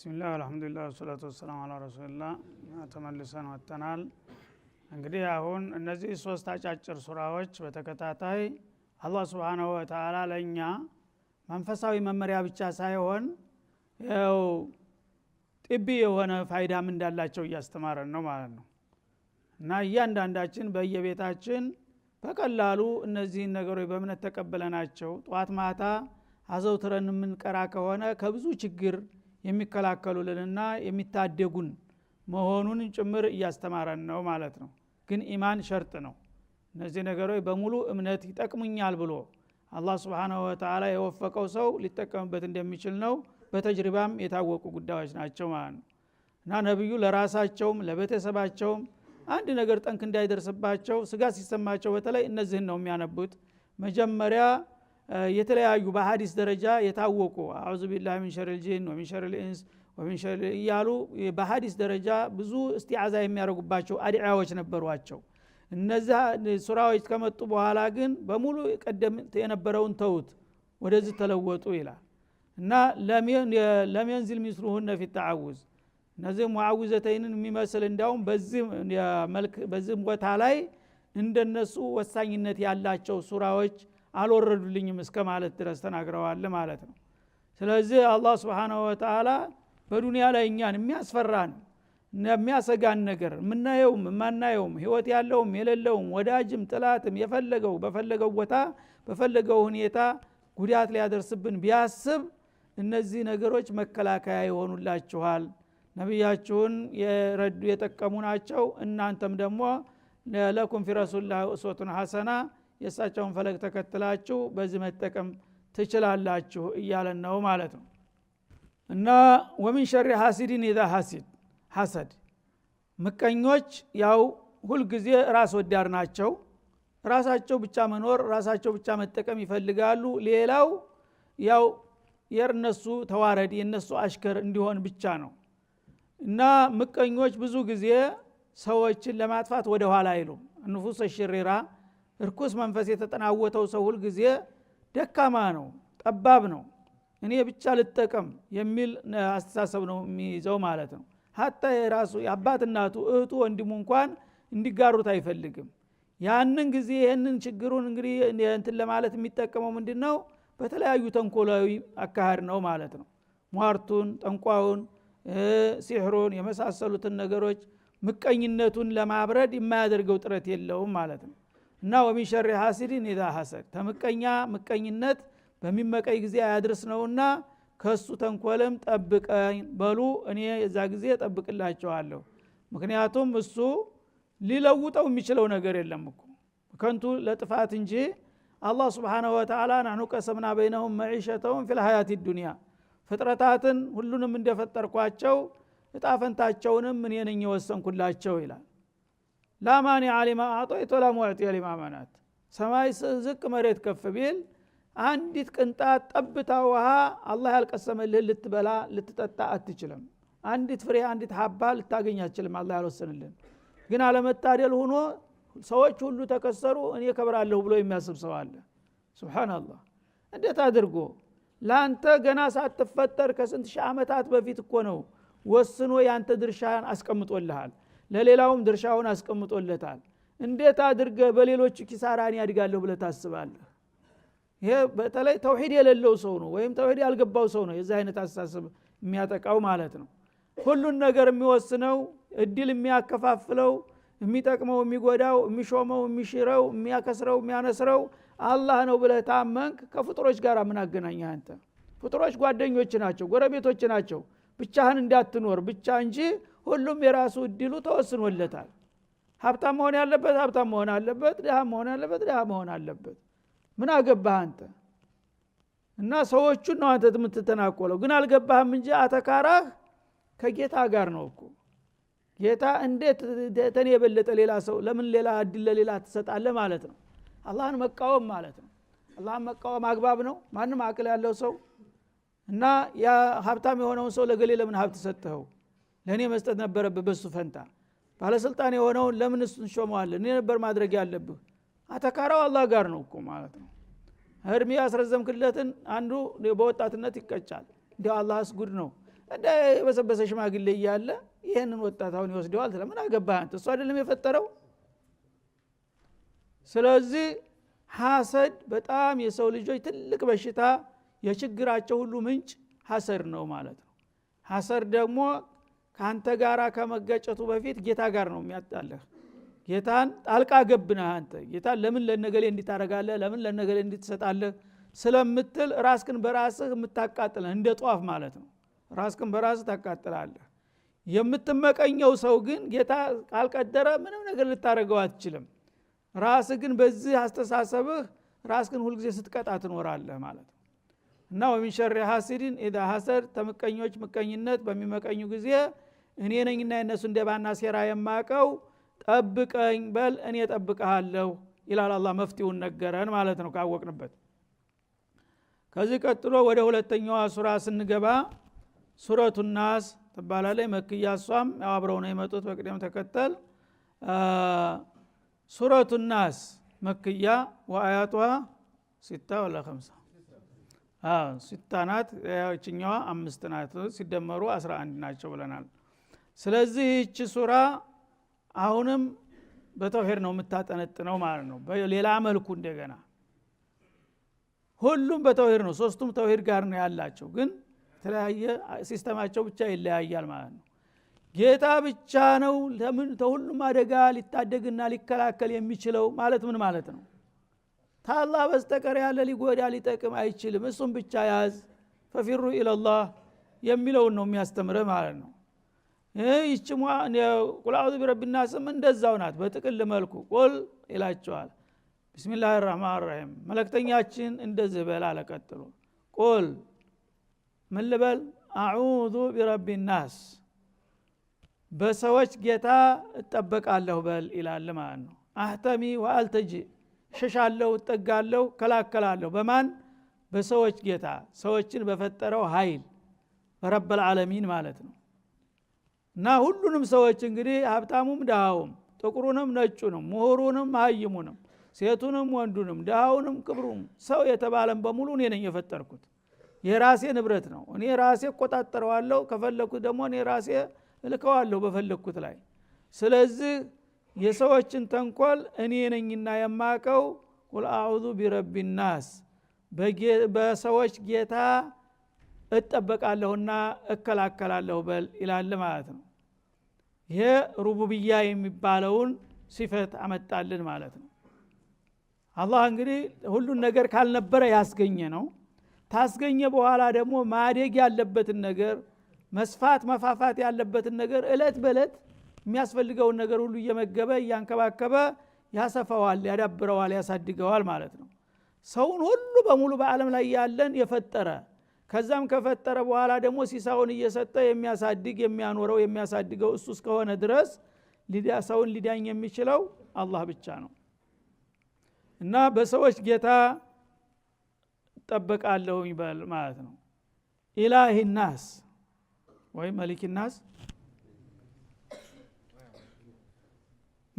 ቢስሚላህ አልሐምዱሊላህ ወሰላቱ ወሰላም አላ ረሱልላ ተመልሰን ወጥተናል እንግዲህ አሁን እነዚህ ሶስት አጫጭር ሱራዎች በተከታታይ አላ ስብሓናሁ ወተአላ ለእኛ መንፈሳዊ መመሪያ ብቻ ሳይሆን ያው ጥቢ የሆነ ፋይዳም እንዳላቸው እያስተማረን ነው ማለት ነው እና እያንዳንዳችን በየቤታችን በቀላሉ እነዚህን ነገሮች በእምነት ተቀበለናቸው ጠዋት ማታ አዘውትረን የምንቀራ ከሆነ ከብዙ ችግር የሚከላከሉልንና የሚታደጉን መሆኑን ጭምር እያስተማረን ነው ማለት ነው ግን ኢማን ሸርጥ ነው እነዚህ ነገሮች በሙሉ እምነት ይጠቅሙኛል ብሎ አላህ ስብንሁ ወተላ የወፈቀው ሰው ሊጠቀምበት እንደሚችል ነው በተጅሪባም የታወቁ ጉዳዮች ናቸው ማለት ነው እና ነቢዩ ለራሳቸውም ለቤተሰባቸውም አንድ ነገር ጠንክ እንዳይደርስባቸው ስጋት ሲሰማቸው በተለይ እነዚህን ነው የሚያነቡት መጀመሪያ የተለያዩ በሀዲስ ደረጃ የታወቁ አዑዙ ቢላ ሚን ሸር ልጅን ወሚን ሸር ልእንስ ወሚን ሸር እያሉ በሀዲስ ደረጃ ብዙ እስቲዓዛ የሚያደርጉባቸው አድዒያዎች ነበሯቸው እነዛ ሱራዎች ከመጡ በኋላ ግን በሙሉ ቀደም የነበረውን ተውት ወደዚህ ተለወጡ ይላል እና ለምየንዝል ሚስሉሁነ ፊ ተዓውዝ እነዚህ ሙዓውዘተይንን የሚመስል እንዲያውም በዚህ ቦታ ላይ እንደነሱ ወሳኝነት ያላቸው ሱራዎች አልወረዱልኝም እስከ ማለት ድረስ ተናግረዋል ማለት ነው ስለዚህ አላህ ስብሓናሁ ወተላ በዱንያ ላይ እኛን የሚያስፈራን የሚያሰጋን ነገር የምናየውም የማናየውም ህይወት ያለውም የሌለውም ወዳጅም ጥላትም የፈለገው በፈለገው ቦታ በፈለገው ሁኔታ ጉዳት ሊያደርስብን ቢያስብ እነዚህ ነገሮች መከላከያ ይሆኑላችኋል ነቢያችሁን የረዱ የጠቀሙ ናቸው እናንተም ደግሞ ለኩም ፊ ሐሰና የእሳቸውን ፈለግ ተከትላችሁ በዚህ መጠቀም ትችላላችሁ እያለን ነው ማለት ነው እና ወሚን ሸሪ ሀሲድን ኢዛ ሀሲድ ሀሰድ ምቀኞች ያው ሁልጊዜ ራስ ወዳድ ናቸው ራሳቸው ብቻ መኖር ራሳቸው ብቻ መጠቀም ይፈልጋሉ ሌላው ያው የእነሱ ተዋረድ የእነሱ አሽከር እንዲሆን ብቻ ነው እና ምቀኞች ብዙ ጊዜ ሰዎችን ለማጥፋት ወደ ኋላ አይሉም ንፉሰ ሽሪራ እርኩስ መንፈስ የተጠናወተው ሰው ሁልጊዜ ደካማ ነው ጠባብ ነው እኔ ብቻ ልጠቀም የሚል አስተሳሰብ ነው የሚይዘው ማለት ነው ሀታ የራሱ የአባትናቱ እናቱ እህቱ ወንድሙ እንኳን እንዲጋሩት አይፈልግም ያንን ጊዜ ይህንን ችግሩን እንግዲህ እንትን ለማለት የሚጠቀመው ምንድን ነው በተለያዩ ተንኮላዊ አካሃድ ነው ማለት ነው ሟርቱን ጠንቋውን ሲሕሩን የመሳሰሉትን ነገሮች ምቀኝነቱን ለማብረድ የማያደርገው ጥረት የለውም ማለት ነው እና ወሚን ሸሪ ሀሲድን ኢዛ ሀሰድ ተምቀኛ ምቀኝነት በሚመቀኝ ጊዜ አያድርስ ነውና ከሱ ተንኮልም ጠብቀኝ በሉ እኔ የዛ ጊዜ ጠብቅላቸዋለሁ ምክንያቱም እሱ ሊለውጠው የሚችለው ነገር የለም እኮ ከንቱ ለጥፋት እንጂ አላህ ስብሓናሁ ወተላ ናኑ ቀሰምና በይነሁም መዒሸተውም ፊልሀያት ዱኒያ ፍጥረታትን ሁሉንም እንደፈጠርኳቸው እጣፈንታቸውንም እኔ ነኝ የወሰንኩላቸው ይላል ላማኒ አሊማ አጦይቶ ላሙዕጢ ሊማመናት ሰማይ ዝቅ መሬት ከፍ ቢል አንዲት ቅንጣት ጠብታ ውሃ አላህ ያልቀሰመልህን ልትበላ ልትጠጣ አትችልም አንዲት ፍሬ አንዲት ሀባ ልታገኝ አትችልም አላ ያልወሰንልን ግን አለመታደል ሁኖ ሰዎች ሁሉ ተከሰሩ እኔ ከብራለሁ ብሎ የሚያስብ ሰው አለ ስብናላህ እንዴት አድርጎ ለአንተ ገና ሳትፈጠር ከስንት ሺህ ዓመታት በፊት እኮ ነው ወስኖ ያንተ ድርሻን አስቀምጦልሃል ለሌላውም ድርሻውን አስቀምጦለታል እንዴት አድርገ በሌሎች ኪሳራን ያድጋለሁ ብለ ታስባለህ ይሄ በተለይ ተውሂድ የሌለው ሰው ነው ወይም ተውሂድ ያልገባው ሰው ነው የዚ አይነት አስተሳሰብ የሚያጠቃው ማለት ነው ሁሉን ነገር የሚወስነው እድል የሚያከፋፍለው የሚጠቅመው የሚጎዳው የሚሾመው የሚሽረው የሚያከስረው የሚያነስረው አላህ ነው ብለህ ታመንክ ከፍጥሮች ጋር ምን አገናኘ አንተ ፍጥሮች ጓደኞች ናቸው ጎረቤቶች ናቸው ብቻህን እንዳትኖር ብቻ እንጂ ሁሉም የራሱ እድሉ ተወስኖለታል ሀብታም መሆን ያለበት ሀብታም መሆን አለበት ድሃ መሆን ያለበት ድሃ መሆን አለበት ምን አገባህ አንተ እና ሰዎቹን ነው አንተ የምትተናቆለው ግን አልገባህም እንጂ አተካራህ ከጌታ ጋር ነው እኮ ጌታ እንዴት ተኔ የበለጠ ሌላ ሰው ለምን ሌላ እድል ለሌላ ትሰጣለ ማለት ነው አላህን መቃወም ማለት ነው አላህን መቃወም አግባብ ነው ማንም አቅል ያለው ሰው እና ያ ሀብታም የሆነውን ሰው ለገሌ ለምን ሀብት ሰጥኸው ለእኔ መስጠት ነበረብህ በሱ ፈንታ ባለስልጣን የሆነውን ለምን እሱ እንሾመዋለ እኔ ነበር ማድረግ ያለብህ አተካራው አላህ ጋር ነው እኮ ማለት ነው እድሜ ያስረዘምክለትን አንዱ በወጣትነት ይቀጫል እንዲ አላ አስጉድ ነው እንደ የበሰበሰ ሽማግሌ እያለ ይህንን ወጣት አሁን ይወስደዋል ስለምን አገባህ አንተ እሱ አይደለም የፈጠረው ስለዚህ ሀሰድ በጣም የሰው ልጆች ትልቅ በሽታ የችግራቸው ሁሉ ምንጭ ሀሰድ ነው ማለት ነው ሀሰድ ደግሞ ከአንተ ጋር ከመገጨቱ በፊት ጌታ ጋር ነው የሚያጣለህ ጌታን ጣልቃ ገብነህ አንተ ጌታን ለምን ለነገሌ እንዲታረጋለህ ለምን ለነገሌ እንዲትሰጣለህ ስለምትል ራስክን በራስህ የምታቃጥለህ እንደ ጧፍ ማለት ነው ራስክን በራስህ ታቃጥላለህ የምትመቀኘው ሰው ግን ጌታ ካልቀደረ ምንም ነገር ልታደረገው አትችልም ራስ ግን በዚህ አስተሳሰብህ ራስ ግን ሁልጊዜ ስትቀጣ ትኖራለህ ማለት ነው እና ወሚንሸሪ ሀሲድን ኢዛ ሀሰድ ተምቀኞች ምቀኝነት በሚመቀኙ ጊዜ እኔ ነኝና የነሱ እንደባና ሴራ የማቀው ጠብቀኝ በል እኔ ጠብቀሃለሁ ይላል አላ መፍትውን ነገረን ማለት ነው ካወቅንበት ከዚህ ቀጥሎ ወደ ሁለተኛዋ ሱራ ስንገባ ሱረቱ ናስ ትባላለይ መክያ እሷም ያው አብረው ነው የመጡት በቅደም ተከተል ሱረቱ ናስ መክያ ወአያቷ ሲታ ወላ ከምሳ ሲታ ናት አምስት ናት ሲደመሩ አስራ አንድ ናቸው ብለናል ስለዚህ ይቺ ሱራ አሁንም በተውሂድ ነው የምታጠነጥነው ማለት ነው ሌላ መልኩ እንደገና ሁሉም በተውሄድ ነው ሶስቱም ተውሂድ ጋር ነው ያላቸው ግን የተለያየ ሲስተማቸው ብቻ ይለያያል ማለት ነው ጌታ ብቻ ነው ተሁሉም አደጋ ሊታደግና ሊከላከል የሚችለው ማለት ምን ማለት ነው ታላ በስተቀር ያለ ሊጎዳ ሊጠቅም አይችልም እሱም ብቻ ያዝ ፈፊሩ ኢለላህ የሚለውን ነው የሚያስተምረ ማለት ነው ይህች ቁልአዙ ቢረቢናስም እንደዛው ናት በጥቅል መልኩ ቁል ይላቸዋል ብስሚላ ራህማን ራሂም መለክተኛችን እንደዚህ በል አለቀጥሉ ቁል ምን ልበል አዑዙ ቢረቢናስ በሰዎች ጌታ እጠበቃለሁ በል ይላል ማለት ነው አህተሚ ወአልተጂ ሸሻለሁ እጠጋለሁ ከላከላለሁ በማን በሰዎች ጌታ ሰዎችን በፈጠረው ሀይል በረብ ዓለሚን ማለት ነው እና ሁሉንም ሰዎች እንግዲህ ሀብታሙም ድሃውም ጥቁሩንም ነጩንም ምሁሩንም ሀይሙንም ሴቱንም ወንዱንም ድሃውንም ክብሩም ሰው የተባለን በሙሉ እኔ ነኝ የፈጠርኩት ይሄ ራሴ ንብረት ነው። እኔ ራሴ እቆጣጠረዋለሁ። ከፈለግኩት ደግሞ እኔ ራሴ እልከዋለሁ በፈለግኩት ላይ። ስለዚህ የሰዎችን ተንኮል እኔ ነኝና የማቀው። ቁል አዑዙ ቢረቢ ናስ በሰዎች ጌታ እጠበቃለሁና እከላከላለሁ በል ይላል ማለት ነው። ይሄ ሩቡብያ የሚባለውን ሲፈት አመጣልን ማለት ነው አላህ እንግዲህ ሁሉን ነገር ካልነበረ ያስገኘ ነው ታስገኘ በኋላ ደግሞ ማደግ ያለበትን ነገር መስፋት መፋፋት ያለበትን ነገር እለት በእለት የሚያስፈልገውን ነገር ሁሉ እየመገበ እያንከባከበ ያሰፋዋል ያዳብረዋል ያሳድገዋል ማለት ነው ሰውን ሁሉ በሙሉ በአለም ላይ ያለን የፈጠረ ከዛም ከፈጠረ በኋላ ደግሞ ሲሳውን እየሰጠ የሚያሳድግ የሚያኖረው የሚያሳድገው እሱ እስከሆነ ድረስ ሰውን ሊዳኝ የሚችለው አላህ ብቻ ነው እና በሰዎች ጌታ ይባል ማለት ነው ኢላህ ናስ ወይ መሊክ ናስ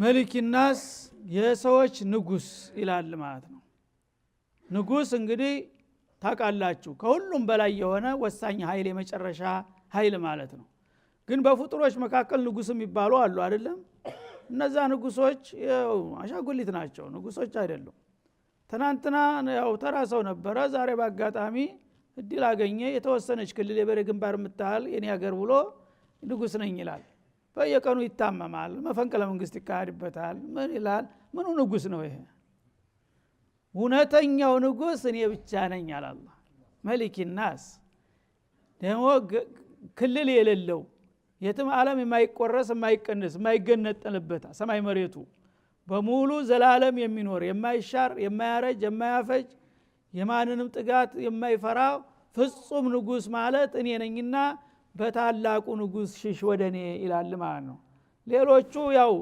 መሊክ ናስ የሰዎች ንጉስ ይላል ማለት ነው ንጉስ እንግዲህ ታቃላችሁ ከሁሉም በላይ የሆነ ወሳኝ ኃይል የመጨረሻ ኃይል ማለት ነው ግን በፍጡሮች መካከል ንጉስ የሚባሉ አሉ አይደለም እነዛ ንጉሶች አሻጉሊት ናቸው ንጉሶች አይደሉም ትናንትና ያው ተራ ሰው ነበረ ዛሬ በአጋጣሚ እድል አገኘ የተወሰነች ክልል የበሬ ግንባር የምታህል የኔ ሀገር ብሎ ንጉስ ነኝ ይላል በየቀኑ ይታመማል መፈንቅለ መንግስት ይካሄድበታል ምን ይላል ምኑ ንጉስ ነው ይሄ እውነተኛው ንጉስ እኔ ብቻ ነኝ አላላ። አላህ። መሊክ ናስ ደግሞ ክልል የሌለው የትም ዓለም የማይቆረስ የማይቀንስ የማይገነጠልበት ሰማይ መሬቱ በሙሉ ዘላለም የሚኖር የማይሻር የማያረጅ የማያፈጅ የማንንም ጥጋት የማይፈራ ፍጹም ንጉስ ማለት እኔ ነኝና በታላቁ ንጉስ ሽሽ ወደ እኔ ይላል ማለት ነው። ሌሎቹ ያው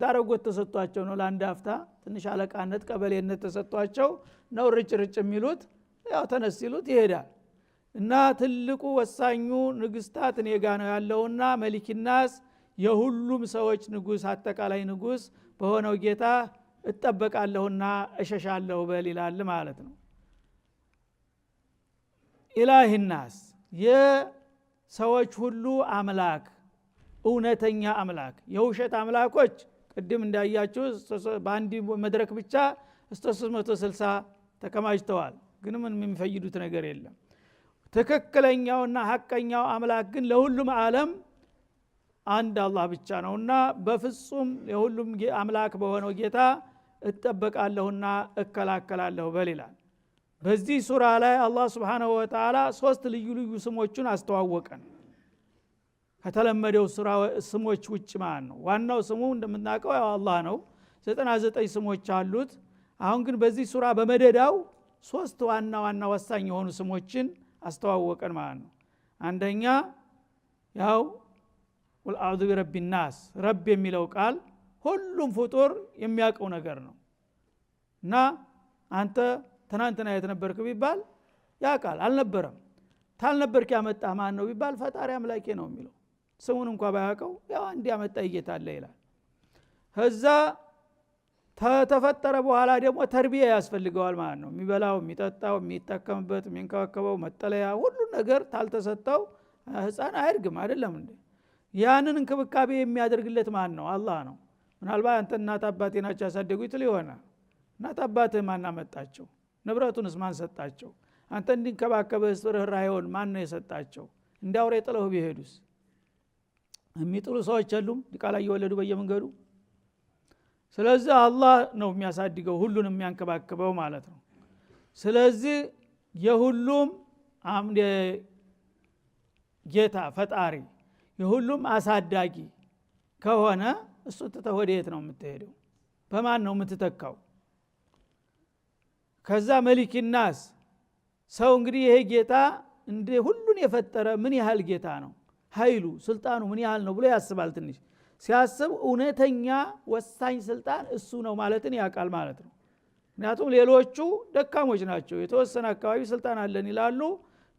ዳረጎት ተሰጥቷቸው ነው ለአንድ አፍታ ትንሽ አለቃነት ቀበሌነት ተሰጥቷቸው ነው ርጭ ርጭ የሚሉት ያው ተነስ ይሉት ይሄዳል እና ትልቁ ወሳኙ ንግስታት እኔ ጋ ነው ያለውና መሊኪናስ የሁሉም ሰዎች ንጉስ አጠቃላይ ንጉስ በሆነው ጌታ እጠበቃለሁና እሸሻለሁ በል ይላል ማለት ነው ኢላህናስ የሰዎች ሁሉ አምላክ እውነተኛ አምላክ የውሸት አምላኮች ቅድም እንዳያችሁ በአንድ መድረክ ብቻ እስተ 360 ተከማችተዋል ግን ምን የሚፈይዱት ነገር የለም ትክክለኛውና ሀቀኛው አምላክ ግን ለሁሉም አለም አንድ አላህ ብቻ እና በፍጹም የሁሉም አምላክ በሆነው ጌታ እጠበቃለሁና እከላከላለሁ በል ይላል በዚህ ሱራ ላይ አላህ ስብንሁ ወተላ ሶስት ልዩ ልዩ ስሞቹን አስተዋወቀን ከተለመደው ስሞች ውጭ ማለት ነው ዋናው ስሙ እንደምናውቀው ያው አላህ ነው ዘጠና ዘጠኝ ስሞች አሉት አሁን ግን በዚህ ሱራ በመደዳው ሶስት ዋና ዋና ወሳኝ የሆኑ ስሞችን አስተዋወቀን ማለት ነው አንደኛ ያው ቁል አዑዙ ቢረቢ ናስ ረብ የሚለው ቃል ሁሉም ፍጡር የሚያውቀው ነገር ነው እና አንተ ትናንትና የት ነበርክ ቢባል ያ ቃል አልነበረም ታልነበርክ ያመጣ ማን ነው ቢባል ፈጣሪ አምላኬ ነው የሚለው ስሙን እንኳ ባያውቀው ያው አንድ ያመጣ እየታለ ይላል ከዛ ከተፈጠረ በኋላ ደግሞ ተርቢያ ያስፈልገዋል ማለት ነው የሚበላው የሚጠጣው የሚጠቀምበት የሚንከባከበው መጠለያ ሁሉ ነገር ታልተሰጠው ህፃን አያድግም አይደለም እንዴ ያንን እንክብካቤ የሚያደርግለት ማን ነው አላህ ነው ምናልባት አንተ እናት አባቴ ናቸው ያሳደጉት ሊሆነ እናት አባትህ ማን አመጣቸው ንብረቱንስ ማን ሰጣቸው አንተ እንዲንከባከበህ ርኅራኄውን ማን ነው የሰጣቸው እንደ አውሬ ቢሄዱስ የሚጥሉ ሰዎች የሉም ዲቃላ እየወለዱ በየመንገዱ ስለዚህ አላህ ነው የሚያሳድገው ሁሉንም የሚያንከባክበው ማለት ነው ስለዚህ የሁሉም ጌታ ፈጣሪ የሁሉም አሳዳጊ ከሆነ እሱ ወደ ወደየት ነው የምትሄደው በማን ነው የምትተካው ከዛ መሊክ ናስ ሰው እንግዲህ ይሄ ጌታ እንደ ሁሉን የፈጠረ ምን ያህል ጌታ ነው ኃይሉ ስልጣኑ ምን ያህል ነው ብሎ ያስባል ትንሽ ሲያስብ እውነተኛ ወሳኝ ስልጣን እሱ ነው ማለትን ያውቃል ማለት ነው ምክንያቱም ሌሎቹ ደካሞች ናቸው የተወሰነ አካባቢ ስልጣን አለን ይላሉ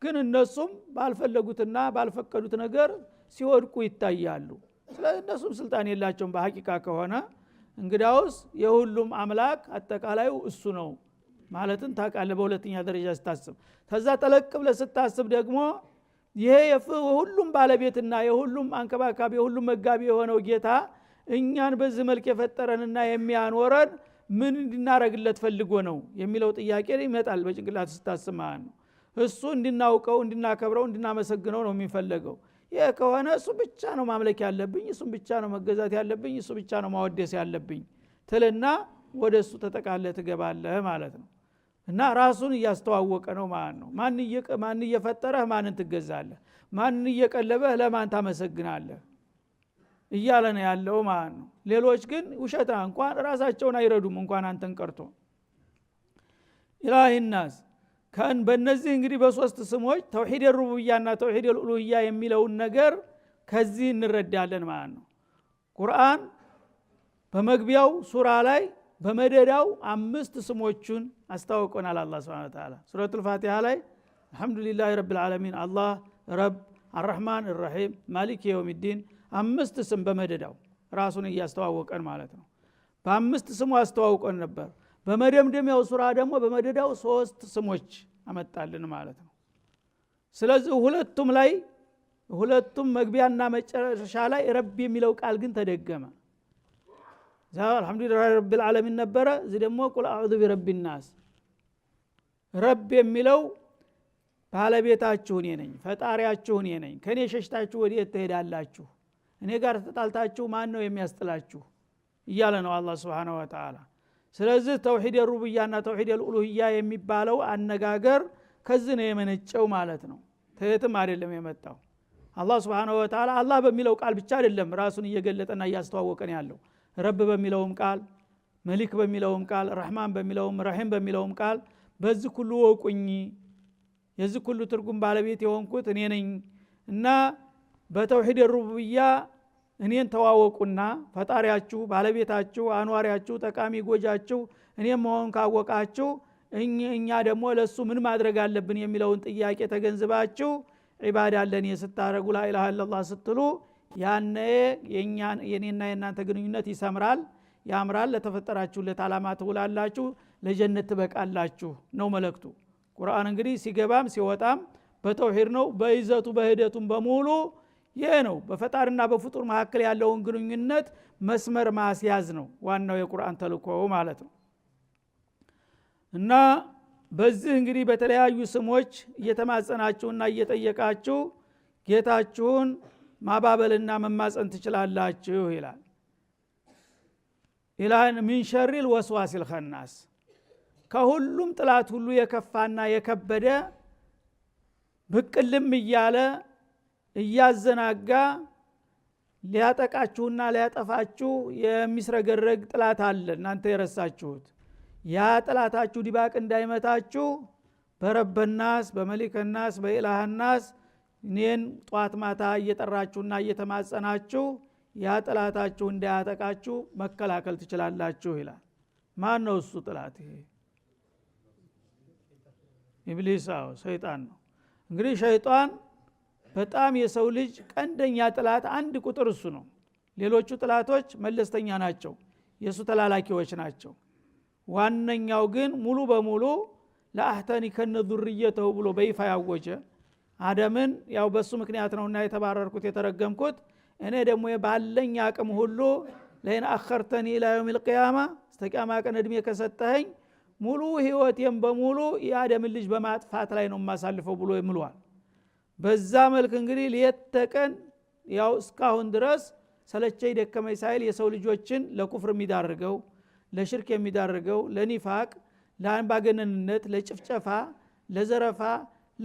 ግን እነሱም ባልፈለጉትና ባልፈቀዱት ነገር ሲወድቁ ይታያሉ እነሱም ስልጣን የላቸውም በሀቂቃ ከሆነ እንግዳውስ የሁሉም አምላክ አጠቃላዩ እሱ ነው ማለትን ታቃለ በሁለተኛ ደረጃ ስታስብ ከዛ ጠለቅ ብለ ስታስብ ደግሞ ይሄ የሁሉም ባለቤትና የሁሉም አንከባካቢ የሁሉም መጋቢ የሆነው ጌታ እኛን በዚህ መልክ የፈጠረንና የሚያኖረን ምን እንድናረግለት ፈልጎ ነው የሚለው ጥያቄ ይመጣል በጭንቅላት ስታስብ ነው እሱ እንድናውቀው እንድናከብረው እንድናመሰግነው ነው የሚፈለገው ይህ ከሆነ እሱ ብቻ ነው ማምለክ ያለብኝ እሱም ብቻ ነው መገዛት ያለብኝ እሱ ብቻ ነው ማወደስ ያለብኝ ትልና ወደ እሱ ተጠቃለ ትገባለህ ማለት ነው እና ራሱን እያስተዋወቀ ነው ማለት ነው። ማን እየፈጠረህ ማንን ትገዛለህ፣ ማንን እየቀለበህ ለማን ታመሰግናለህ እያለ ነው ያለው ማለት ነው። ሌሎች ግን ውሸታ እንኳን ራሳቸውን አይረዱም እንኳን አንተን ቀርቶ ኢላሂ ናስ ከን በእነዚህ እንግዲህ በሶስት ስሞች ተውሒድ ሩቡብያና ተውሒድ ልኡሉህያ የሚለውን ነገር ከዚህ እንረዳለን ማለት ነው። ቁርአን በመግቢያው ሱራ ላይ በመደዳው አምስት ስሞቹን አስታውቆናል አላ ስብን ተላ ሱረት ልፋቲሃ ላይ አልሐምዱሊላህ ረብልዓለሚን አላህ ረብ አረሕማን ራሒም ማሊክ የውምዲን አምስት ስም በመደዳው ራሱን እያስተዋወቀን ማለት ነው በአምስት ስሙ አስተዋውቀን ነበር በመደምደሚያው ሱራ ደግሞ በመደዳው ሶስት ስሞች አመጣልን ማለት ነው ስለዚህ ሁለቱም ላይ ሁለቱም መግቢያና መጨረሻ ላይ ረብ የሚለው ቃል ግን ተደገመ አልሐምዱሊላህ ረቢልዓለሚን ነበረ እዚ ደግሞ ቁል አዕዙ ቢረቢ ናስ ረብ የሚለው ባለቤታችሁ እኔ ነኝ ፈጣሪያችሁ እኔ ነኝ ከእኔ ሸሽታችሁ ወዴት ትሄዳላችሁ እኔ ጋር ተጣልታችሁ ማን ነው የሚያስጥላችሁ እያለ ነው አላ ስብን ወተላ ስለዚህ ተውሒድ የሩብያና ተውሒድ የልኡሉህያ የሚባለው አነጋገር ከዚህ ነው የመነጨው ማለት ነው ትህትም አይደለም የመጣው አላ ስብን ወተላ አላህ በሚለው ቃል ብቻ አይደለም ራሱን እየገለጠና እያስተዋወቀን ያለው ረብ በሚለውም ቃል መሊክ በሚለውም ቃል ረህማን በሚለውም ረሂም በሚለውም ቃል በዚህ ሁሉ ወቁኝ የዚህ ሁሉ ትርጉም ባለቤት የሆንኩት እኔ ነኝ እና በተውሂድ ሩቡብያ እኔን ተዋወቁና ፈጣሪያችሁ ባለቤታችሁ አኗሪያችሁ ጠቃሚ ጎጃችሁ እኔም መሆን ካወቃችሁ እኛ ደግሞ ለእሱ ምን ማድረግ አለብን የሚለውን ጥያቄ ተገንዝባችሁ ዒባዳ ለኔ ስታረጉ ላኢላሃ ለላህ ስትሉ ያነ የኔና የእናንተ ግንኙነት ይሰምራል ያምራል ለተፈጠራችሁለት አላማ ትውላላችሁ ለጀነት ትበቃላችሁ ነው መለክቱ ቁርአን እንግዲህ ሲገባም ሲወጣም በተውሂድ ነው በይዘቱ በሂደቱም በሙሉ ይህ ነው በፈጣሪና በፍጡር መካከል ያለውን ግንኙነት መስመር ማስያዝ ነው ዋናው የቁርአን ተልኮ ማለት ነው እና በዚህ እንግዲህ በተለያዩ ስሞች እየተማጸናችሁና እየጠየቃችሁ ጌታችሁን ማባበልና መማፀን ትችላላችሁ ይላል ኢላን ሚን ሸሪል ወስዋስ ከሁሉም ጥላት ሁሉ የከፋና የከበደ ብቅልም እያለ እያዘናጋ ሊያጠቃችሁና ሊያጠፋችሁ የሚስረገረግ ጥላት አለ እናንተ የረሳችሁት ያ ጥላታችሁ ዲባቅ እንዳይመታችሁ በረበናስ በመሊክናስ በኢላህናስ እኔን ጧት ማታ እየጠራችሁና እየተማጸናችሁ ያ ጥላታችሁ እንዳያጠቃችሁ መከላከል ትችላላችሁ ይላል ማን ነው እሱ ጥላት ይሄ ኢብሊስ አዎ ሰይጣን ነው እንግዲህ ሸይጣን በጣም የሰው ልጅ ቀንደኛ ጥላት አንድ ቁጥር እሱ ነው ሌሎቹ ጥላቶች መለስተኛ ናቸው የእሱ ተላላኪዎች ናቸው ዋነኛው ግን ሙሉ በሙሉ ለአህተኒ ከነ ብሎ በይፋ ያወጀ አደምን ያው በሱ ምክንያት ነውና የተባረርኩት የተረገምኩት እኔ ደግሞ ባለኝ አቅም ሁሉ ለይን አኸርተኒ ኢላ ልቅያማ ስተቂያማ ቀን እድሜ ከሰጠኸኝ ሙሉ ህይወቴም በሙሉ የአደምን ልጅ በማጥፋት ላይ ነው የማሳልፈው ብሎ ምሏል በዛ መልክ እንግዲህ ሌት ያው እስካሁን ድረስ ሰለቸይ ደከመኝ ሳይል የሰው ልጆችን ለኩፍር የሚዳርገው ለሽርክ የሚዳርገው ለኒፋቅ ለአንባገነንነት ለጭፍጨፋ ለዘረፋ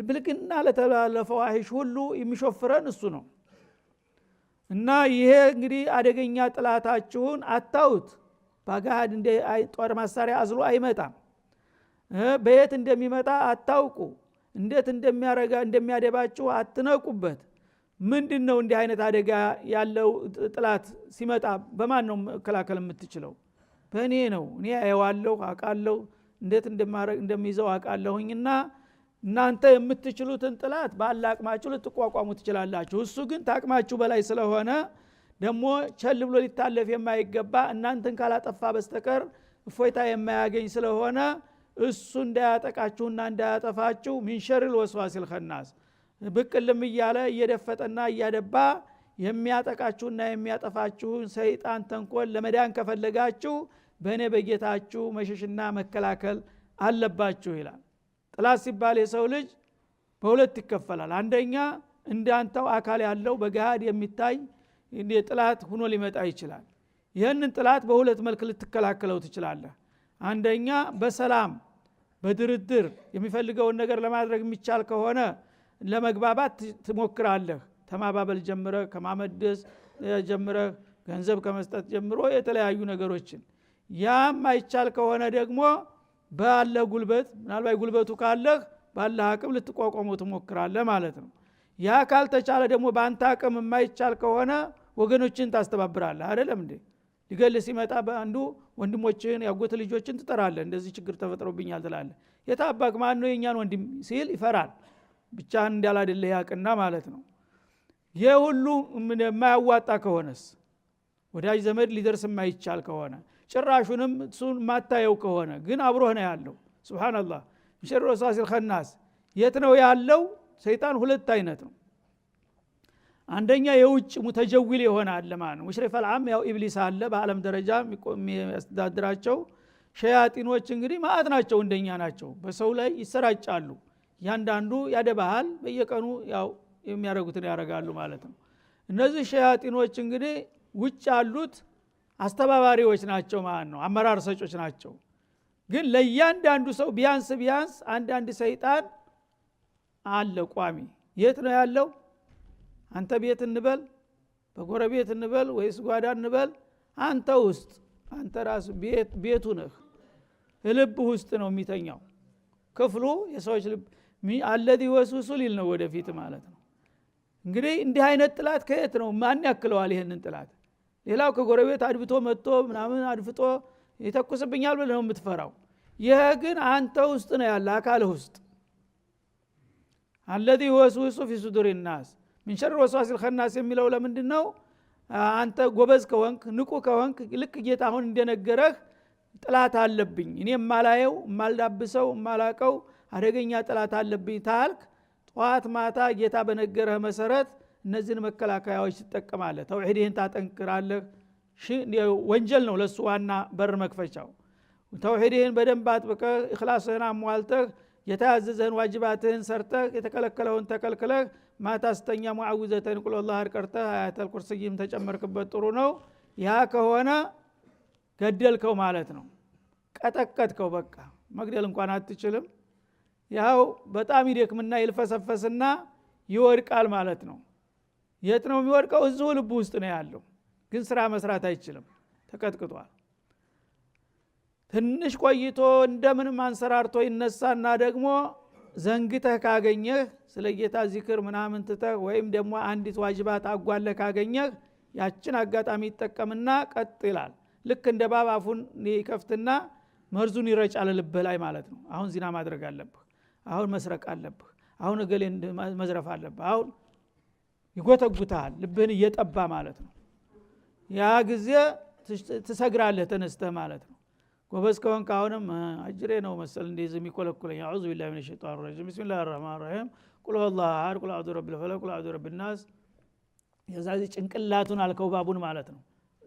ብልግና ለተላለፈው አይሽ ሁሉ የሚሾፍረን እሱ ነው እና ይሄ እንግዲህ አደገኛ ጥላታችሁን አታውት በአጋሃድ እንደ ጦር መሳሪያ አዝሎ አይመጣም በየት እንደሚመጣ አታውቁ እንዴት እንደሚያረጋ እንደሚያደባችሁ አትነቁበት ምንድን ነው እንዲህ አይነት አደጋ ያለው ጥላት ሲመጣ በማን ነው መከላከል የምትችለው በእኔ ነው እኔ አየዋለሁ አቃለሁ እንዴት እንደሚይዘው አቃለሁኝና እናንተ የምትችሉትን ጥላት ባለ አቅማችሁ ልትቋቋሙ ትችላላችሁ እሱ ግን ታቅማችሁ በላይ ስለሆነ ደግሞ ቸል ብሎ ሊታለፍ የማይገባ እናንተን ካላጠፋ በስተቀር እፎይታ የማያገኝ ስለሆነ እሱ እንዳያጠቃችሁና እንዳያጠፋችሁ ሚንሸሪል ወስዋስ ኸናስ ብቅልም እያለ እየደፈጠና እያደባ የሚያጠቃችሁና የሚያጠፋችሁን ሰይጣን ተንኮል ለመዳን ከፈለጋችሁ በእኔ በጌታችሁ መሸሽና መከላከል አለባችሁ ይላል ጥላት ሲባል የሰው ልጅ በሁለት ይከፈላል። አንደኛ እንዳንተው አካል ያለው በገሃድ የሚታይ ጥላት ሁኖ ሊመጣ ይችላል። ይህንን ጥላት በሁለት መልክ ልትከላከለው ትችላለህ። አንደኛ በሰላም በድርድር የሚፈልገውን ነገር ለማድረግ የሚቻል ከሆነ ለመግባባት ትሞክራለህ። ተማባበል ጀምረህ ከማመደስ ጀምረህ ገንዘብ ከመስጠት ጀምሮ የተለያዩ ነገሮችን ያም አይቻል ከሆነ ደግሞ ባለ ጉልበት ምናልባት ጉልበቱ ካለህ ባለ አቅም ልትቋቋመው ትሞክራለህ ማለት ነው ያ ካልተቻለ ደግሞ በአንተ አቅም የማይቻል ከሆነ ወገኖችን ታስተባብራለ አደለም እንዴ ሊገል ሲመጣ በአንዱ ወንድሞችን ያጎት ልጆችን ትጠራለ እንደዚህ ችግር ተፈጥሮብኛል ትላለህ የታባክ ማን ነው የእኛን ወንድም ሲል ይፈራል ብቻህን እንዳል አደለ ያቅና ማለት ነው ይህ ሁሉ የማያዋጣ ከሆነስ ወዳጅ ዘመድ ሊደርስ የማይቻል ከሆነ ጭራሹንም እሱን ማታየው ከሆነ ግን አብሮህ ነው ያለው ስብናላህ ሚሸር ወሳሲል ከናስ የት ነው ያለው ሰይጣን ሁለት አይነት ነው አንደኛ የውጭ ሙተጀዊል የሆነ አለ ማለት ነው ሙሽሪፍ አልዓም ያው ኢብሊስ አለ በአለም ደረጃ የሚያስተዳድራቸው ሸያጢኖች እንግዲህ ማአት ናቸው እንደኛ ናቸው በሰው ላይ ይሰራጫሉ እያንዳንዱ ያደባሃል በየቀኑ ያው የሚያደረጉትን ያደረጋሉ ማለት ነው እነዚህ ሸያጢኖች እንግዲህ ውጭ ያሉት አስተባባሪዎች ናቸው ማለት ነው። አመራር ሰጮች ናቸው። ግን ለእያንዳንዱ ሰው ቢያንስ ቢያንስ አንዳንድ ሰይጣን አለ ቋሚ። የት ነው ያለው? አንተ ቤት እንበል፣ በጎረቤት እንበል፣ ወይስ ጓዳ እንበል፣ አንተ ውስጥ አንተ ራሱ ቤቱ ነህ። ልብ ውስጥ ነው የሚተኛው። ክፍሉ የሰዎች ልብ አለዚህ ወስውሱ ሊል ነው ወደፊት ማለት ነው። እንግዲህ እንዲህ አይነት ጥላት ከየት ነው? ማን ያክለዋል ይህንን ጥላት? ሌላው ከጎረቤት አድብቶ መጥቶ ምናምን አድፍጦ ይተኩስብኛል ብለህ ነው የምትፈራው። ይህ ግን አንተ ውስጥ ነው ያለ አካልህ ውስጥ አለዚ ወስዊሱ ፊ ሱዱር ናስ ምን ሸር ወስዋሲል የሚለው ለምንድን ነው? አንተ ጎበዝ ከወንክ ንቁ ከወንክ ልክ ጌታ አሁን እንደነገረህ ጥላት አለብኝ እኔ የማላየው የማልዳብሰው የማላቀው አደገኛ ጥላት አለብኝ ታልክ ጠዋት ማታ ጌታ በነገረህ መሰረት እነዚህን መከላከያዎች ትጠቀማለህ ተውሒድህን ታጠንክራለህ ወንጀል ነው ለሱ ዋና በር መክፈቻው ተውሒድህን በደንብ አጥብቀህ እክላስህን አሟልተህ የተያዘዘህን ዋጅባትህን ሰርተህ የተከለከለውን ተከልክለህ ማታስተኛ ስተኛ ሙዓዊዘተን ቁለላህ አድቀርተህ አያተል ቁርስይም ተጨመርክበት ጥሩ ነው ያ ከሆነ ገደልከው ማለት ነው ቀጠቀጥከው በቃ መግደል እንኳን አትችልም ያው በጣም ይደክምና ይልፈሰፈስና ይወድቃል ማለት ነው የት ነው የሚወድቀው? እዚሁ ልቡ ውስጥ ነው ያለው። ግን ስራ መስራት አይችልም፣ ተቀጥቅጧል። ትንሽ ቆይቶ እንደምንም አንሰራርቶ ይነሳና ደግሞ ዘንግተህ ካገኘህ ስለ ጌታ ዚክር ምናምን ትተህ ወይም ደግሞ አንዲት ዋጅባት አጓለ ካገኘህ ያችን አጋጣሚ ይጠቀምና ቀጥ ይላል። ልክ እንደ ባባፉን ይከፍትና መርዙን ይረጫል ልብህ ላይ ማለት ነው። አሁን ዚና ማድረግ አለብህ፣ አሁን መስረቅ አለብህ፣ አሁን እገሌ መዝረፍ አለብህ፣ አሁን ይጎተጉታል ልብህን እየጠባ ማለት ነው ያ ጊዜ ትሰግራለህ ተነስተህ ማለት ነው ጎበዝ ከሆንክ አሁንም አጅሬ ነው መሰል እንደዚህ የሚኮለኩለኝ አዑዙ ቢላ ምን ሸጣን ረጅም ብስሚላ ረህማን ረሂም ቁል ላ አድ ቁል አዱ ረብ ልፈለቅ ቁል አዱ ረብ ናስ የዛዚ ጭንቅላቱን አልከውባቡን ማለት ነው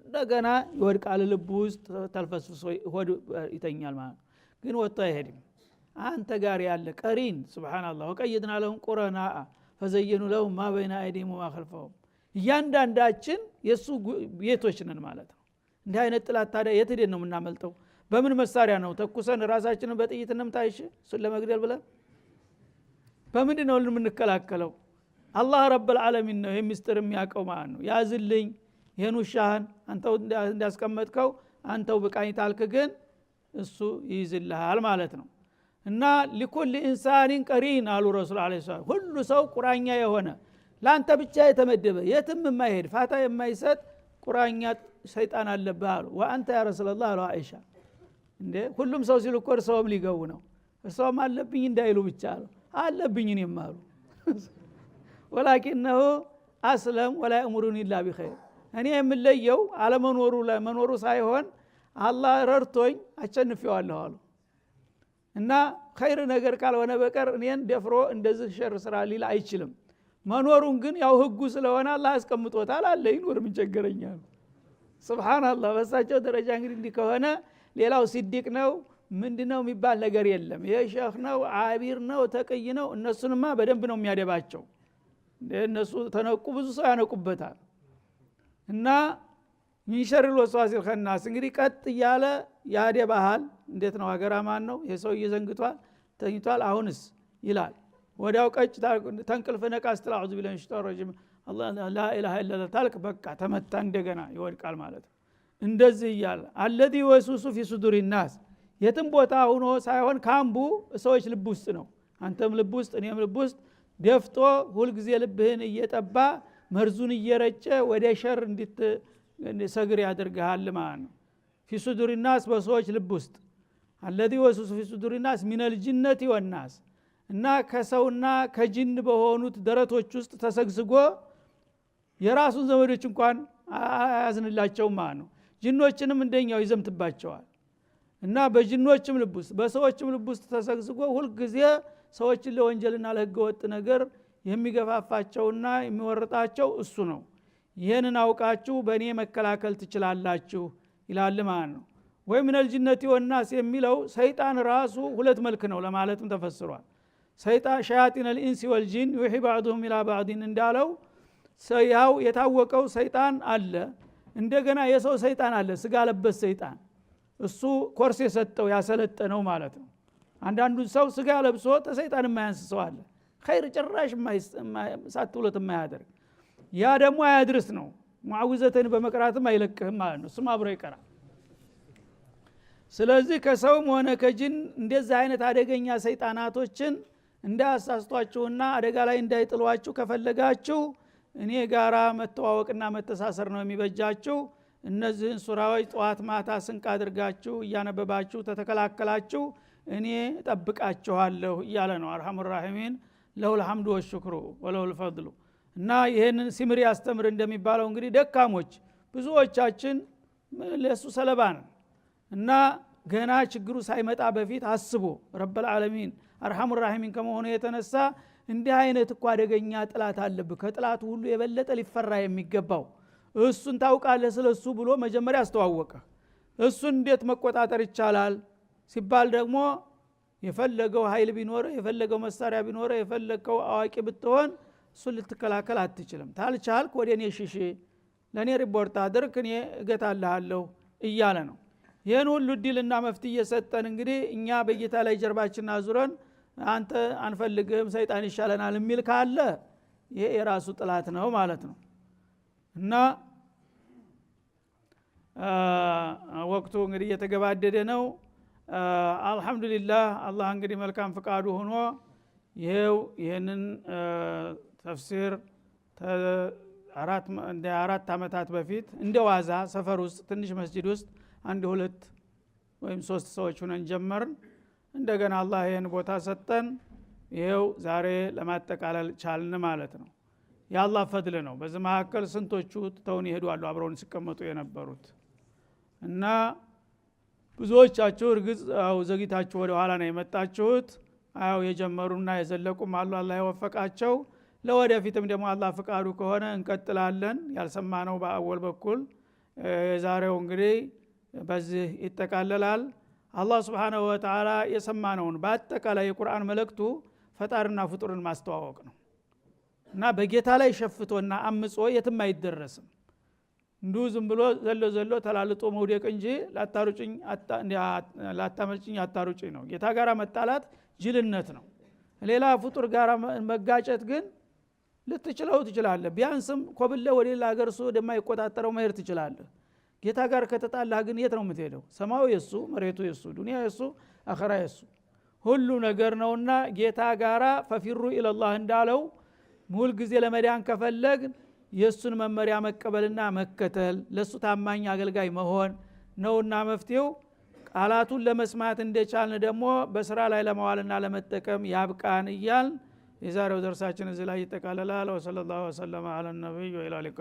እንደገና ይወድቃል ልብ ውስጥ ተልፈስፍሶ ሆድ ይተኛል ማለት ነው ግን ወጥቶ አይሄድም አንተ ጋር ያለ ቀሪን ስብናላህ ወቀይድና ለሁም ቁረናአ ፈዘየኑ ለው ማ በይነ አይዲህም እያንዳንዳችን የእሱ ቤቶች ነን ማለት ነው እንዲህ አይነት ጥላት ታዲያ የት ነው የምናመልጠው በምን መሳሪያ ነው ተኩሰን ራሳችንን በጥይት እንምታይሽ እሱን ለመግደል ብለን በምንድ ነው የምንከላከለው አላህ ረብልዓለሚን ነው የሚስጥር የሚያውቀው ማለት ነው ያዝልኝ ይህን ውሻህን አንተው እንዳስቀመጥከው አንተው ብቃኝ ታልክ ግን እሱ ይይዝልሃል ማለት ነው እና ሊኩል ኢንሳኒን ቀሪን አሉ ረሱል አለ ሰላም ሁሉ ሰው ቁራኛ የሆነ ለአንተ ብቻ የተመደበ የትም የማይሄድ ፋታ የማይሰጥ ቁራኛ ሰይጣን አለብህ አሉ ወአንተ ያ ረሱላላህ አሉ አይሻ እንዴ ሁሉም ሰው ሲል እኮ እርሰውም ሊገቡ ነው እርሰውም አለብኝ እንዳይሉ ብቻ አሉ አለብኝ እኔም አሉ ወላኪነሁ አስለም ወላ እሙሩን ኢላ ቢኸይር እኔ የምለየው አለመኖሩ ለመኖሩ ሳይሆን አላህ ረድቶኝ አቸንፌዋለሁ አሉ እና ኸይር ነገር ካልሆነ በቀር እኔን ደፍሮ እንደዚህ ሸር ስራ ሊል አይችልም መኖሩን ግን ያው ህጉ ስለሆነ አላህ አስቀምጦታል አለ ይኑር ምን ቸገረኛል ስብሓናላህ በሳቸው ደረጃ እንግዲህ እንዲህ ከሆነ ሌላው ሲዲቅ ነው ምንድ ነው የሚባል ነገር የለም ይህ ሸህ ነው አቢር ነው ተቀይ ነው እነሱንማ በደንብ ነው የሚያደባቸው እነሱ ተነቁ ብዙ ሰው ያነቁበታል እና ሚንሸር ልወስዋሲል ከናስ እንግዲህ ቀጥ እያለ ያደ ባህል እንዴት ነው ሀገር ማን ነው የሰውዬ እየዘንግቷል ተኝቷል አሁንስ ይላል ወዲያው ቀጭ ተንቅልፍ ነቃ ስትል አዑዙ ቢላሂ ሽጦ ረጅም ረጂም ላኢላሃ ኢለላህ ታልክ በቃ ተመታ እንደገና ይወድቃል ማለት እንደዚህ እያለ አለዚ ወሱሱ ፊ ሱዱሪ ናስ የትም ቦታ ሁኖ ሳይሆን ካምቡ ሰዎች ልብ ውስጥ ነው አንተም ልብ ውስጥ እኔም ልብ ውስጥ ደፍጦ ሁልጊዜ ልብህን እየጠባ መርዙን እየረጨ ወደ ሸር ሰግር ያደርግሃል ማለት ነው ፊሱዱሪናስ በሰዎች ልብ ውስጥ አለዚ ወሱሱ ፊሱዱሪናስ ሚነል ጅነት ወናስ እና ከሰውና ከጅን በሆኑት ደረቶች ውስጥ ተሰግስጎ የራሱን ዘመዶች እንኳን አያዝንላቸውም ማለት ነው ጅኖችንም እንደኛው ይዘምትባቸዋል እና በጅኖችም ልብ ውስጥ በሰዎችም ልብ ውስጥ ተሰግስጎ ሁልጊዜ ሰዎችን ለወንጀልና ለህገወጥ ነገር የሚገፋፋቸውና የሚወርጣቸው እሱ ነው ይህንን አውቃችሁ በእኔ መከላከል ትችላላችሁ ይላል ማለት ነው ወይ ምን ልጅነት ወናስ የሚለው ሰይጣን ራሱ ሁለት መልክ ነው ለማለትም ተፈስሯል ሰይጣን ሸያጢን ልኢንሲ ወልጂን ዩሒ ባዕዱሁም ኢላ ባዕዲን እንዳለው ያው የታወቀው ሰይጣን አለ እንደገና የሰው ሰይጣን አለ ስጋ ለበስ ሰይጣን እሱ ኮርስ የሰጠው ያሰለጠነው ማለት ነው አንዳንዱ ሰው ስጋ ለብሶ ተሰይጣን የማያንስ ሰው አለ ኸይር ጭራሽ ሳትውለት የማያደርግ ያ ደግሞ አያድርስ ነው ሙዓውዘተን በመቅራትም አይለቅህም ማለት ነው እሱም አብሮ ይቀራል ስለዚህ ከሰውም ሆነ ከጅን እንደዚህ አይነት አደገኛ ሰይጣናቶችን እንዳያሳስቷችሁና አደጋ ላይ እንዳይጥሏችሁ ከፈለጋችሁ እኔ ጋራ መተዋወቅና መተሳሰር ነው የሚበጃችሁ እነዚህን ሱራዎች ጠዋት ማታ ስንቅ አድርጋችሁ እያነበባችሁ ተተከላከላችሁ እኔ እጠብቃችኋለሁ እያለ ነው አርሐሙ ራሒሚን ለሁል ሐምዱ ወሽክሩ ወለሁል እና ይህንን ሲምር ያስተምር እንደሚባለው እንግዲህ ደካሞች ብዙዎቻችን ለእሱ ሰለባ ነን እና ገና ችግሩ ሳይመጣ በፊት አስቦ ረብልዓለሚን አርሐሙ ራሒሚን ከመሆኑ የተነሳ እንዲህ አይነት እኮ አደገኛ ጥላት አለብ ከጥላቱ ሁሉ የበለጠ ሊፈራ የሚገባው እሱን ታውቃለህ ስለ እሱ ብሎ መጀመሪያ አስተዋወቀ እሱን እንዴት መቆጣጠር ይቻላል ሲባል ደግሞ የፈለገው ሀይል ቢኖረ የፈለገው መሳሪያ ቢኖረ የፈለገው አዋቂ ብትሆን እሱን ልትከላከል አትችልም ታልቻልክ ወደ እኔ ሽሽ ለእኔ ሪፖርት አድርግ እኔ እገታልሃለሁ እያለ ነው ይህን ሁሉ ድልና መፍት እየሰጠን እንግዲህ እኛ በጌታ ላይ ጀርባችን አዙረን አንተ አንፈልግም ሰይጣን ይሻለናል የሚል ካለ ይሄ የራሱ ጥላት ነው ማለት ነው እና ወቅቱ እንግዲህ እየተገባደደ ነው አልሐምዱሊላህ አላህ እንግዲህ መልካም ፍቃዱ ሆኖ ይሄው ይህንን ተፍሲር አራት ዓመታት በፊት እንደ ዋዛ ሰፈር ውስጥ ትንሽ መስጅድ ውስጥ አንድ ሁለት ወይም ሶስት ሰዎች ሁነን ጀመርን። እንደገና አላህ ይህን ቦታ ሰጠን። ይሄው ዛሬ ለማጠቃለል ቻልን ማለት ነው። የአላህ ፈድል ነው። በዚህ መካከል ስንቶቹ ትተውን ይሄዱ አሉ አብረውን ሲቀመጡ የነበሩት እና ብዙዎቻችሁ እርግጥ ዘግይታችሁ ወደ ኋላ ነው የመጣችሁት። አው የጀመሩና የዘለቁም አሉ አላህ የወፈቃቸው። ለወደፊትም ደግሞ አላህ ፍቃዱ ከሆነ እንቀጥላለን። ያልሰማነው በአወል በኩል የዛሬው እንግዲህ በዚህ ይጠቃለላል። አላህ ስብሓናሁ ወተዓላ የሰማነውን በአጠቃላይ የቁርአን መለክቱ ፈጣርና ፍጡርን ማስተዋወቅ ነው እና በጌታ ላይ ሸፍቶና አምጾ የትም አይደረስም። እንዱ ዝም ብሎ ዘሎ ዘሎ ተላልጦ መውደቅ እንጂ ላታመልጭኝ አታሩጭኝ ነው። ጌታ ጋር መጣላት ጅልነት ነው። ሌላ ፍጡር ጋር መጋጨት ግን ልትችለው ትችላለህ ቢያንስም ኮብለ ወደ ሌላ ሀገር እሱ ወደማይቆጣጠረው መሄድ ትችላለህ ጌታ ጋር ከተጣላህ ግን የት ነው የምትሄደው ሰማዩ የሱ መሬቱ የሱ ዱኒያ የሱ አኸራ የሱ ሁሉ ነገር ነውና ጌታ ጋራ ፈፊሩ ኢለላህ እንዳለው ሁል ጊዜ ለመዳን ከፈለግ የእሱን መመሪያ መቀበልና መከተል ለእሱ ታማኝ አገልጋይ መሆን ነውና መፍትሄው ቃላቱን ለመስማት እንደቻልን ደግሞ በስራ ላይ ለመዋልና ለመጠቀም ያብቃን እያል የዛሬው ደርሳችን እዚህ ላይ ይጠቃለላል ወሰለ ላሁ ወሰለማ አለነቢይ ወይላሊቃ